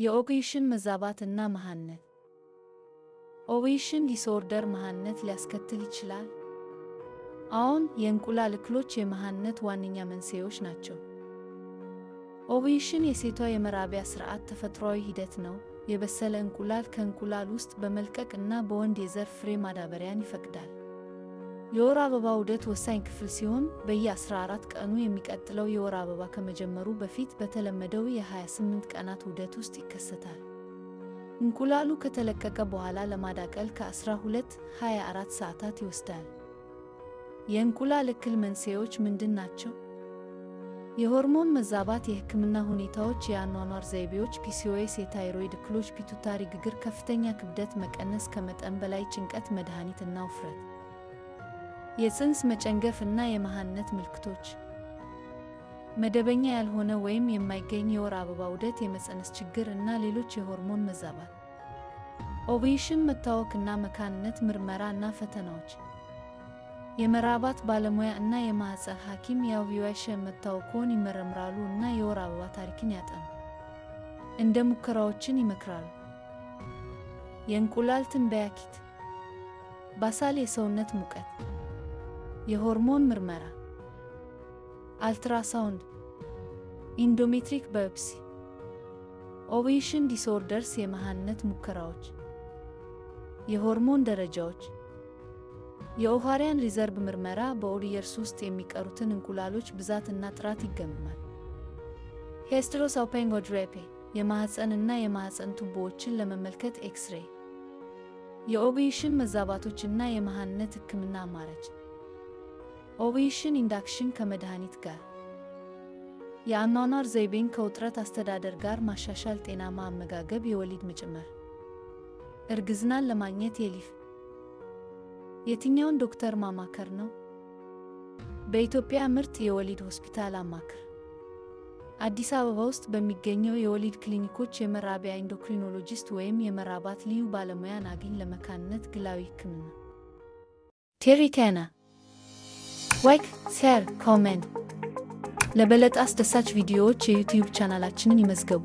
የኦቬሽን መዛባት እና መሃንነት ኦቬሽን ዲስኦርደር መሃንነት ሊያስከትል ይችላል። አዎን፣ የእንቁላል እክሎች የመሃንነት ዋነኛ መንስኤዎች ናቸው። ኦቬሽን የሴቷ የመራቢያ ሥርዓት ተፈጥሯዊ ሂደት ነው። የበሰለ እንቁላል ከእንቁላል ውስጥ በመልቀቅ እና በወንድ የዘር ፍሬ ማዳበሪያን ይፈቅዳል። የወር አበባ ዑደት ወሳኝ ክፍል ሲሆን በየ14 ቀኑ የሚቀጥለው የወር አበባ ከመጀመሩ በፊት በተለመደው የ28 ቀናት ዑደት ውስጥ ይከሰታል። እንቁላሉ ከተለቀቀ በኋላ ለማዳቀል ከ12-24 ሰዓታት ይወስዳል። የእንቁላል እክል መንስኤዎች ምንድን ናቸው? የሆርሞን መዛባት፣ የህክምና ሁኔታዎች፣ የአኗኗር ዘይቤዎች፣ ፒሲኦኤስ፣ የታይሮይድ እክሎች፣ ፒቱታሪ ግግር፣ ከፍተኛ ክብደት መቀነስ፣ ከመጠን በላይ ጭንቀት፣ መድኃኒት እና ውፍረት የጽንስ መጨንገፍ እና የመሃንነት ምልክቶች መደበኛ ያልሆነ ወይም የማይገኝ የወር አበባ ዑደት፣ የመፀነስ ችግር እና ሌሎች የሆርሞን መዛባት፣ ኦቬሽን መታወክ እና መካንነት ምርመራ እና ፈተናዎች። የመራባት ባለሙያ እና የማህፀን ሐኪም የኦቭዩሽን መታወክዎን ይመረምራሉ እና የወር አበባ ታሪክን ያጠኑ እንደ ሙከራዎችን ይመክራሉ። የእንቁላል ትንበያ ኪት ባሳል የሰውነት ሙቀት የሆርሞን ምርመራ፣ አልትራሳውንድ፣ ኢንዶሜትሪክ ባዮፕሲ፣ ኦቬሽን ዲስኦርደርስ፣ የመሃንነት ሙከራዎች፣ የሆርሞን ደረጃዎች፣ የኦቫሪያን ሪዘርቭ ምርመራ በኦቭየርስ ውስጥ የሚቀሩትን እንቁላሎች ብዛት እና ጥራት ይገመማል። ሄስቴሮሳልፒንጎግራፊ የማህፀን እና የማህፀን ቱቦዎችን ለመመልከት ኤክስሬይ፣ የኦቬሽን መዛባቶች እና የመሃንነት ሕክምና አማራጭ ኦቬሽን ኢንዳክሽን ከመድኃኒት ጋር የአኗኗር ዘይቤን ከውጥረት አስተዳደር ጋር ማሻሻል፣ ጤናማ አመጋገብ፣ የወሊድ መጨመር፣ እርግዝናን ለማግኘት የሊፍ የትኛውን ዶክተር ማማከር ነው? በኢትዮጵያ ምርጥ የወሊድ ሆስፒታል አማክር። አዲስ አበባ ውስጥ በሚገኘው የወሊድ ክሊኒኮች የመራቢያ ኢንዶክሪኖሎጂስት ወይም የመራባት ልዩ ባለሙያን አግኝ። ለመካንነት ግላዊ ሕክምና ቴሪካና ላይክ፣ ሼር፣ ኮሜንት ለበለጠ አስደሳች ቪዲዮዎች የዩቲዩብ ቻናላችንን ይመዝገቡ።